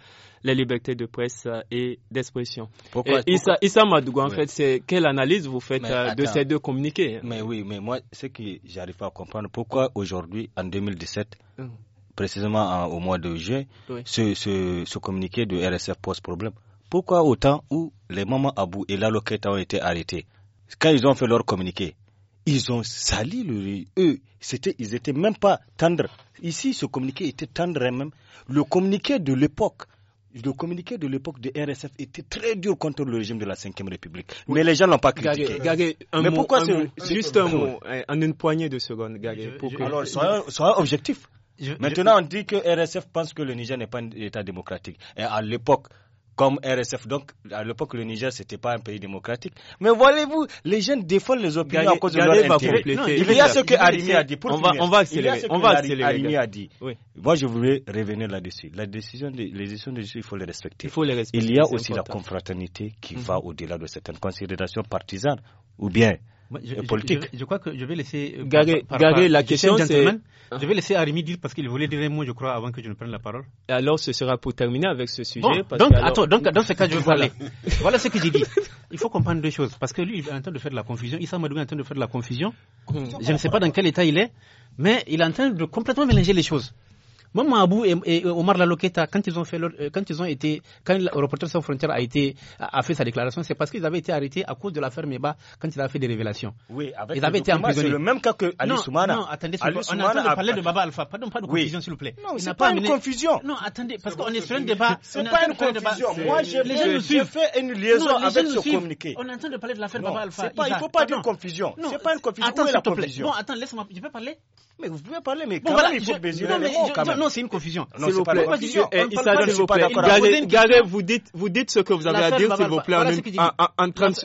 les libertés de presse euh, et d'expression. Pourquoi, et euh, Issa, en fait, c'est quelle analyse vous faites euh, de ces deux communiqués Mais oui, mais moi, ce que j'arrive pas à comprendre, pourquoi aujourd'hui, en 2017, hum. précisément au mois de juin, ce, ce, communiqué de RSF pose problème Pourquoi autant où les mamans Abou et la Loquette ont été arrêtés quand ils ont fait leur communiqué, ils ont sali le eux c'était ils étaient même pas tendres ici ce communiqué était tendre hein, même le communiqué de l'époque le communiqué de l'époque de RSF était très dur contre le régime de la Ve République. Mais les gens l'ont pas critiqué. Mais pourquoi un juste un mot, hein, en une poignée de secondes, Gagé. pour que... Alors, soyons, objectif. Maintenant, on dit que RSF pense que le Niger n'est pas un État démocratique. Et à l'époque, comme RSF. Donc, à l'époque, le Niger, c'était pas un pays démocratique. Mais voyez-vous, les jeunes défendent les opinions à cause de leur intérêt. il, y a ce que Arimi a dit. on, va, accélérer. On va Arimi a dit. Moi, je voulais revenir là-dessus. La décision, les décisions de justice, il faut les respecter. Il faut les respecter. Il y a aussi la confraternité qui mhm. va au-delà de certaines considérations partisanes ou bien euh, je, crois que je vais laisser. Euh, Garer, la question, c'est. Ah. Je vais laisser Arimi dire parce qu'il voulait dire un mot, je crois, avant que je ne prenne la parole. Alors, ce sera pour terminer avec ce sujet. donc, attends, dans ce cas, je vais parler. (laughs) voilà ce que j'ai dit. Il faut comprendre deux choses. Parce que lui, il est en train de faire de la confusion. Issa Madougou est en train de faire de la confusion. Hum. Je ne sais pas dans quel état il est, mais il est en train de complètement mélanger les choses. Maman Abou et, Omar Laloketa, quand ils ont fait euh, quand ils ont été, quand le reporter sans frontières a été, a, fait sa déclaration, c'est parce qu'ils avaient été arrêtés à cause de l'affaire Meba quand il a fait des révélations. Oui, avec ils avaient été emprisonnés. le même cas que Ali Soumana. Non, attendez, on Soumana est de parler de Baba Alpha. Pardon, pas de confusion, s'il vous plaît. Non, c'est pas, pas une confusion. Non, attendez, parce qu'on est sur un débat. C'est pas une confusion. Moi, je fais une liaison avec ce communiqué. On est en de parler de l'affaire Baba Alpha. Il ne faut pas dire confusion. C'est pas une confusion. Attends, s'il te plaît. Bon, attends, laisse-moi, je peux parler? Mais vous pouvez parler, mais quand même, il faut même non, c'est une confusion. Non, c'est pas la confusion. Eh, s'il vous plaît. vous dites, vous dites ce que vous avez à dire, s'il vous plaît,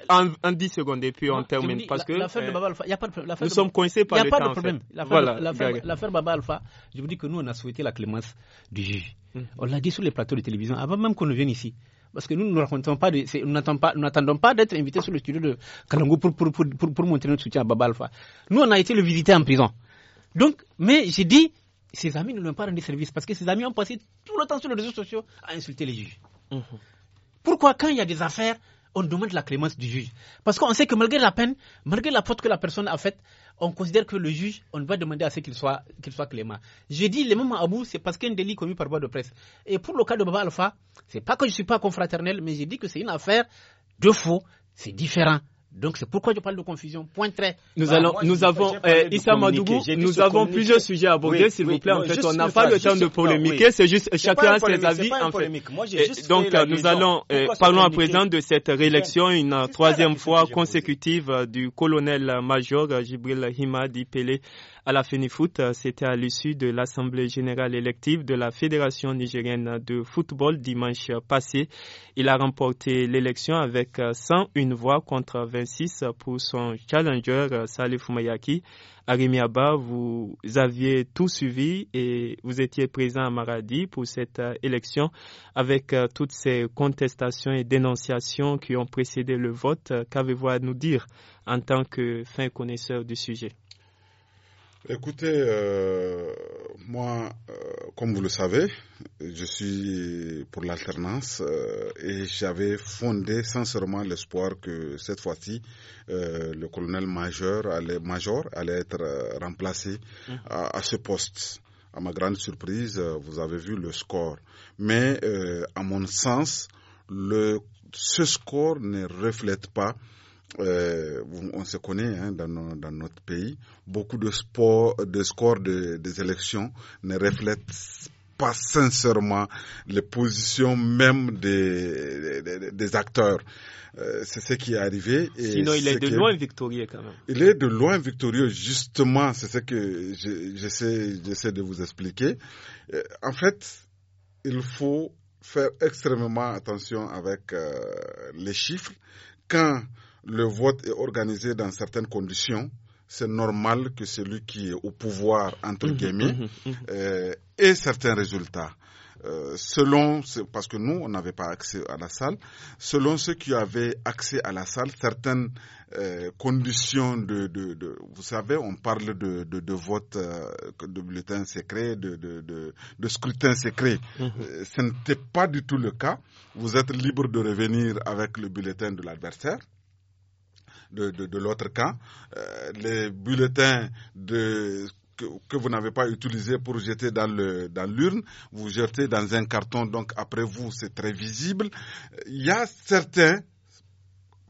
en 10 secondes et puis on termine. Parce que. Nous sommes coincés par le temps. Il n'y a pas de problème. L'affaire Baba Alpha, je vous dis que nous, on a souhaité la clémence du juge. Hmm. On l'a dit sur les plateaux de télévision avant même qu'on ne vienne ici parce que nous nous racontons pas, nous n'attendons pas, d'être invités sur le studio de Kalango pour, pour, pour, pour, montrer notre soutien à Baba Alpha. Nous, on a été le visiter en prison. Donc, mais j'ai dit, ses amis ne lui ont pas rendu service parce que ses amis ont passé tout le temps sur les réseaux sociaux à insulter les juges. Mhm. Pourquoi, quand il y a des affaires, on demande la clémence du juge Parce qu'on sait que malgré la peine, malgré la faute que la personne a faite, on considère que le juge, on va demander à ce qu'il soit, qu'il soit clément. J'ai dit les mêmes bout, c'est parce qu'un délit commis par voie de presse. Et pour le cas de Baba Alpha, c'est pas que je ne suis pas confraternel, mais j'ai dit que c'est une affaire de faux, c'est différent. Donc c'est pourquoi je parle de confusion. Point très. Nous bah, allons, nous avons euh, Issa nous avons plusieurs sujets à aborder, s'il vous plaît. En fait, on n'a pas le temps de polémiquer. C'est juste chacun a ses avis. En fait. donc euh, nous allons euh, parlons à présent de cette réélection, une troisième fois consécutive euh, du colonel euh, major Jibril Himadi Pelé à la foot, euh, C'était à l'issue de l'Assemblée générale élective de la Fédération nigérienne de football dimanche passé. Il a remporté l'élection avec 101 euh, voix contre 26 pour son challenger euh, Salif Mayaki. Arimi Abba, vous aviez tout suivi et vous étiez présent à Maradi pour cette élection avec toutes ces contestations et dénonciations qui ont précédé le vote. Qu'avez-vous à nous dire en tant que fin connaisseur du sujet? Écoutez, euh, moi, euh, comme vous le savez, je suis pour l'alternance euh, et j'avais fondé sincèrement l'espoir que cette fois-ci, le colonel major allait, major allait être remplacé mmh. à, ce poste. À ma grande surprise, vous avez vu le score. Mais à mon sens, le, ce score ne reflète pas euh, on se connaît hein, dans, notre pays, beaucoup de, sports, de scores de, des élections ne reflètent pas sincèrement les positions même des, des, acteurs. Euh, c'est ce qui est arrivé. Et Sinon, il est, de loin victorieux quand même. Il est de loin victorieux, justement, c'est ce que j'essaie de vous expliquer. Euh, en fait, il faut faire extrêmement attention avec euh, les chiffres. Quand le vote est organisé dans certaines conditions, c'est normal que celui qui est au pouvoir, entre mhm, guillemets, mhm, mhm. Euh, ait certains résultats. Euh, selon, parce que nous, on n'avait pas accès à la salle, selon ceux qui avaient accès à la salle, certaines euh, conditions de, vous savez, on parle de, vote, de bulletin secret, de, scrutin secret. ce n'était pas du tout le cas. Vous êtes libre de revenir avec le bulletin de l'adversaire de, de, de l'autre camp. Euh, les bulletins de que, vous n'avez pas utilisé pour jeter dans le dans l'urne, vous jetez dans un carton, donc après vous, c'est très visible. Il y a certains,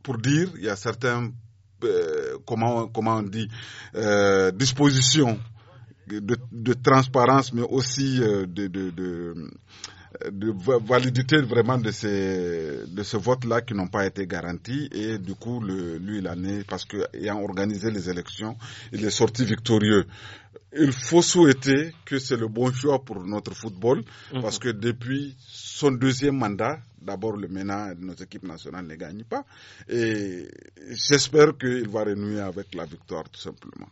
pour dire, il y a certains, euh, comment, comment on dit, euh, dispositions de, de, transparence, mais aussi euh, de, de, de de validité vraiment de, ces, de ce vote-là qui n'ont pas été garantis. Et du coup, le, lui, il en est, parce qu'ayant organisé les élections, il est sorti victorieux. Il faut souhaiter que c'est le bon choix pour notre football, mhm. parce que depuis son deuxième mandat, d'abord le MENA de nos équipes nationales ne gagne pas. Et j'espère qu'il va renouer avec la victoire, tout simplement.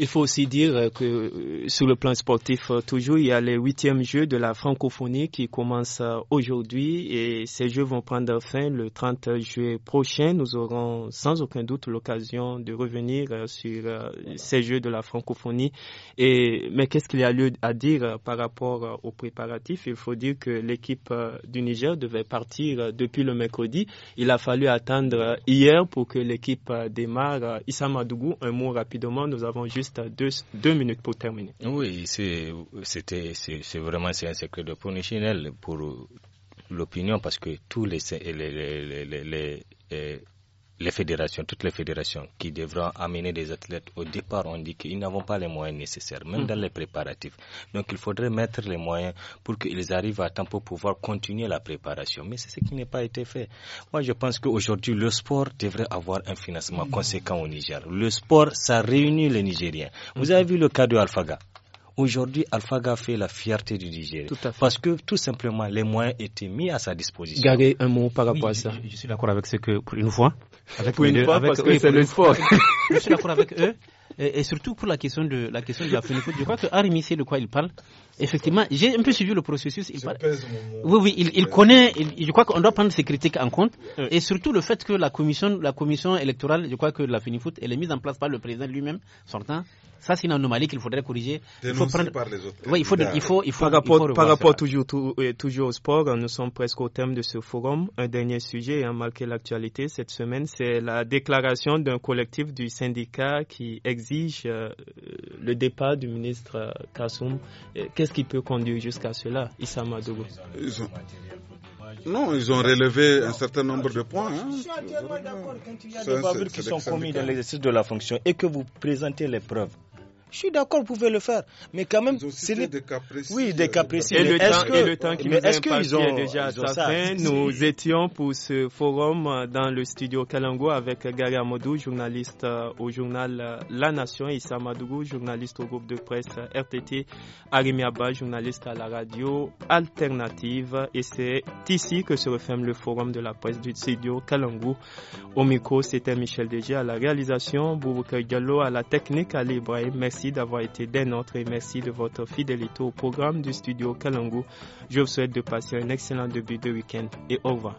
Il faut aussi dire euh, que euh, sur le plan sportif, euh, toujours, il y a les huitièmes Jeux de la francophonie qui commencent aujourd'hui et ces Jeux vont prendre fin le 30 juillet prochain. Nous aurons sans aucun doute l'occasion de revenir sur ces Jeux de la francophonie. Et, mais qu'est-ce qu'il y a lieu à dire par rapport aux préparatifs Il faut dire que l'équipe du Niger devait partir depuis le mercredi. Il a fallu attendre hier pour que l'équipe démarre. Issa un mot rapidement. Nous avons juste deux, minutes pour terminer. Oui, c'était c'est vraiment un secret de professionnel pour l'opinion parce que tous les, les, les les fédérations, toutes les fédérations qui devront amener des athlètes au départ, ont dit qu'ils n'avons pas les moyens nécessaires, même dans les préparatifs. Donc il faudrait mettre les moyens pour qu'ils arrivent à temps pour pouvoir continuer la préparation. Mais c'est ce qui n'a pas été fait. Moi, je pense qu'aujourd'hui, le sport devrait avoir un financement conséquent au Niger. Le sport, ça réunit les Nigériens. Vous avez vu le cas de Alphaga. Aujourd'hui, Alpha fait la fierté du Niger. Parce que tout simplement, les moyens étaient mis à sa disposition. Gardez un mot par rapport à ça. Je, suis d'accord avec ce que, pour une fois, avec pour une fois, parce que c'est le sport. (laughs) je suis d'accord avec eux. Et, surtout pour la question de la question de la je crois que Arimi sait de quoi il parle effectivement, j'ai un peu suivi le processus. Il Oui, oui, il, connaît, je crois qu'on doit prendre ces critiques en compte. Et surtout le fait que la commission, la commission électorale, je crois que la FINIFOOT, elle est mise en place par le président lui-même, sortant. Ça, c'est une anomalie qu'il faudrait corriger. il faut prendre... par Oui, il faut, il faut, par rapport, euh, toujours, au sport, hein, nous sommes presque au terme de ce forum. Un dernier sujet a hein, marqué l'actualité cette semaine, c'est la déclaration d'un collectif du syndicat qui exige euh, le départ du ministre euh, Kassoum ce qui peut conduire jusqu'à cela, Issa Madogo Non, ils ont relevé un certain nombre de points. Hein. Je suis entièrement d'accord quand il y a des bavures qui sont commises dans l'exercice de la fonction et que vous présentez les preuves. Je suis d'accord, vous pouvez le faire. Mais quand même, c'est Oui, des Et, le, temps, qui nous est déjà à sa Nous étions pour ce forum euh, dans le studio Kalango avec Gary Amadou, journaliste euh, au journal euh, La Nation, Issa Madougou, journaliste au groupe de presse RTT, Arimi Abba, journaliste à la radio Alternative. Et c'est ici que se referme le forum de la presse du studio Kalango. Au micro, c'était Michel Dégé à la réalisation, Bouboukar Diallo à la technique, à Librahim. Merci d'avoir été des nôtres et merci de votre fidélité au programme du studio Kalangu. Je vous souhaite de passer un excellent début de week-end et au revoir.